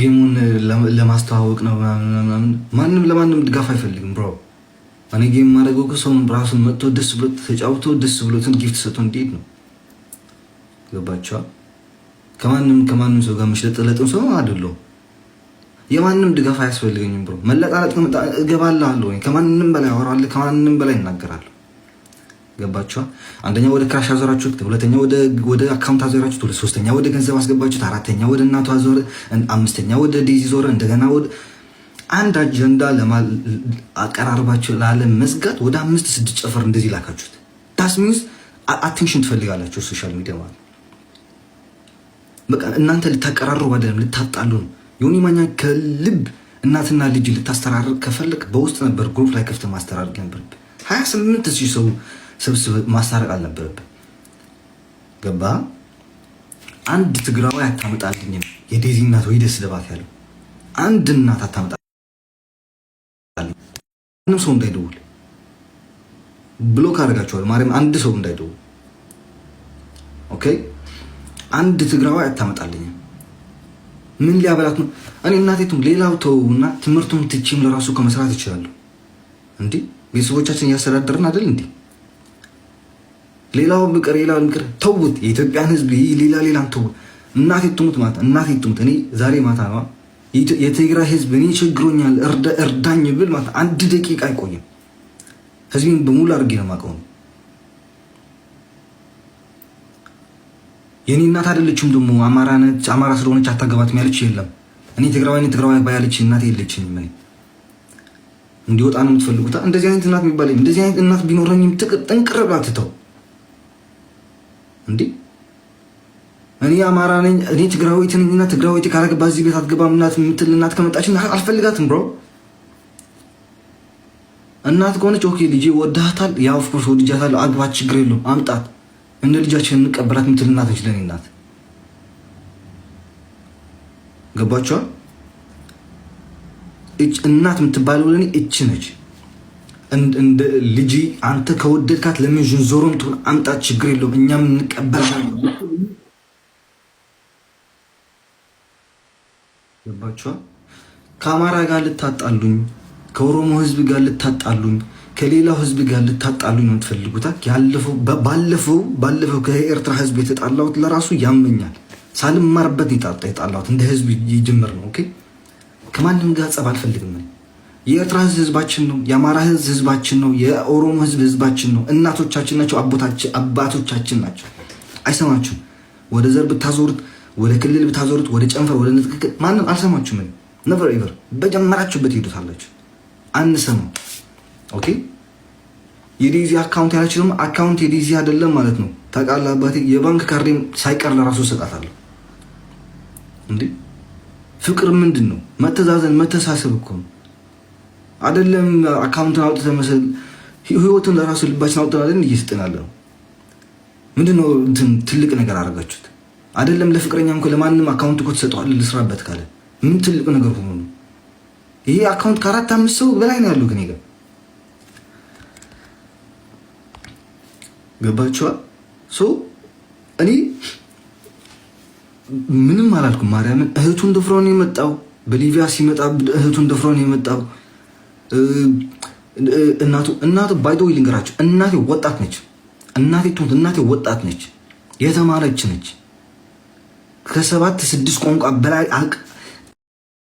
ጌሙን ለማስተዋወቅ ነው ምናምን። ማንም ለማንም ድጋፍ አይፈልግም ብሮ። እኔ ጌም ማድረገው ሰውን ራሱን መጥቶ ደስ ብሎ ተጫውቶ ደስ ብሎትን ጊፍት ሰጥቶ እንዴት ነው ገባቸዋል። ከማንም ከማንም ሰው ጋር መሽለጠለጥም ሰው አይደለሁ። የማንም ድጋፍ አያስፈልገኝም ብሮ። መለጣለጥ እገባለሁ። ከማንም በላይ አወራለሁ። ከማንም በላይ እናገራለሁ። ገባችኋል? አንደኛ ወደ ክራሽ አዞራችሁት፣ ሁለተኛ ወደ ወደ አካውንት አዞራችሁት፣ ሶስተኛ ወደ ገንዘብ አስገባችሁት፣ አራተኛ ወደ እናቱ አዞረ፣ አምስተኛ ወደ ዴዚ ዞረ። እንደገና ወደ አንድ አጀንዳ አቀራርባችሁ ላለ መዝጋት ወደ አምስት ስድስት ጨፈር እንደዚህ ላካችሁት። ዳስ ሚንስ አቴንሽን ትፈልጋላችሁ። ሶሻል ሚዲያ ማለት በቃ እናንተ ልታቀራርቡ አይደለም፣ ልታጣሉ ነው። ዮኒ ማኛ ከልብ እናትና ልጅ ልታስተራርቅ ከፈለግ በውስጥ ነበር ግሩፕ ላይ ከፍተ ማስተራርቅ ነበር ሀያ ስምንት ሺህ ሰው ስብስብ ማሳረቅ አልነበረብን። ገባ አንድ ትግራዊ አታመጣልኝም። የዴዚ እናት ወይ ደስ ደባት ያለው አንድ እናት አታመጣልኝ። ምንም ሰው እንዳይደውል ብሎክ አድርጋቸዋል። ማርያም አንድ ሰው እንዳይደውል ኦኬ። አንድ ትግራዊ አታመጣልኝም። ምን ሊያበላት ነው? እኔ እናቴቱም ሌላው ተውና ትምህርቱን ትችም ለራሱ ከመስራት ይችላሉ። እንዲህ ቤተሰቦቻችን እያስተዳደርን አይደል እንዲህ ሌላው ምቅር ሌላውን ምቅር ተውት። የኢትዮጵያን ህዝብ ይህ ሌላ ሌላን ተውት። እናቴ ትሙት ማታ እናቴ ትሙት። እኔ ዛሬ ማታ ነዋ የትግራይ ህዝብ እኔ ችግሮኛል እርዳኝ ብል ማታ አንድ ደቂቃ አይቆይም። ሕዝቤን በሙሉ አድርጌ ነው የማውቀው። የእኔ እናት አይደለችም ደግሞ አማራ ነች አማራ ስለሆነች አታገባት ያለች የለም። እኔ ትግራዊ ነኝ ትግራዊ ባያለች እናት የለችኝም። እኔ እንዲወጣ ነው የምትፈልጉታ። እንደዚህ አይነት እናት የሚባል እንደዚህ አይነት እናት ቢኖረኝም ጥንቅር ብላ ትተው እንዴ እኔ አማራ ነኝ፣ እኔ ትግራዊት ነኝ እና ትግራዊት ካረገባት እዚህ ቤት አትገባም እናት የምትል እናት ከመጣችን አልፈልጋትም ብሮ። እናት ከሆነች ኦኬ ልጄ ወዳታል፣ ያ ኦፍኮርስ ወድጃታለሁ፣ አግባት፣ ችግር የለውም አምጣት፣ እንደ ልጃችን እንቀበላት የምትል እናት ነች ለእኔ እናት። ገባችኋል? እናት የምትባለው ለእኔ እች ነች። እንደ ልጅ አንተ ከወደድካት ለምን ዥንዞሮም ትሆን አምጣት፣ ችግር የለውም እኛም እንቀበላለን። ገባችኋል? ከአማራ ጋር ልታጣሉኝ፣ ከኦሮሞ ህዝብ ጋር ልታጣሉኝ፣ ከሌላው ህዝብ ጋር ልታጣሉኝ ነው የምትፈልጉታ። ባለፈው ባለፈው ከኤርትራ ህዝብ የተጣላሁት ለራሱ ያመኛል። ሳልማርበት የጣላሁት እንደ ህዝብ ይጀምር ነው። ኦኬ። ከማንም ጋር ጸብ አልፈልግም። የኤርትራ ህዝብ ህዝባችን ነው። የአማራ ህዝብ ህዝባችን ነው። የኦሮሞ ህዝብ ህዝባችን ነው። እናቶቻችን ናቸው። አባቶቻችን ናቸው። አይሰማችሁም? ወደ ዘር ብታዞሩት፣ ወደ ክልል ብታዞሩት፣ ወደ ጨንፈር፣ ወደ ንጥቅቅል ማንም አልሰማችሁም። ነቨር ኤቨር በጀመራችሁበት ሄዱታላችሁ። አንሰማም። ኦኬ የዲዚ አካውንት ያላችሁ ደግሞ አካውንት የዲዚ አይደለም ማለት ነው። ታውቃለህ አባቴ የባንክ ካርዴም ሳይቀር ለራሱ እሰጣታለሁ። እንዴ ፍቅር ምንድን ነው? መተዛዘን መተሳሰብ እኮ ነው። አይደለም አካውንትን አውጥተ መሰል ህይወትን ለራሱ ልባችን አውጥተን አይደል እየሰጠናለ ነው። እንትን ትልቅ ነገር አደረጋችሁት? አይደለም ለፍቅረኛ እንኳ ለማንም አካውንት እኮ ትሰጠዋል ልስራበት ካለ ምን ትልቅ ነገር ሆኖ ይሄ አካውንት ከአራት አምስት ሰው በላይ ነው ያለው። ግን ይገ ገባችኋል? እኔ ምንም አላልኩም። ማርያምን እህቱን ደፍሮን የመጣው በሊቪያ ሲመጣ እህቱን ደፍሮን የመጣው እናቱ እናቱ ባይ ባይዶ ልንገራችሁ፣ እናቴ ወጣት ነች። እናቴ ቱንት እናቴ ወጣት ነች፣ የተማረች ነች። ከሰባት ስድስት ቋንቋ በላይ አቅ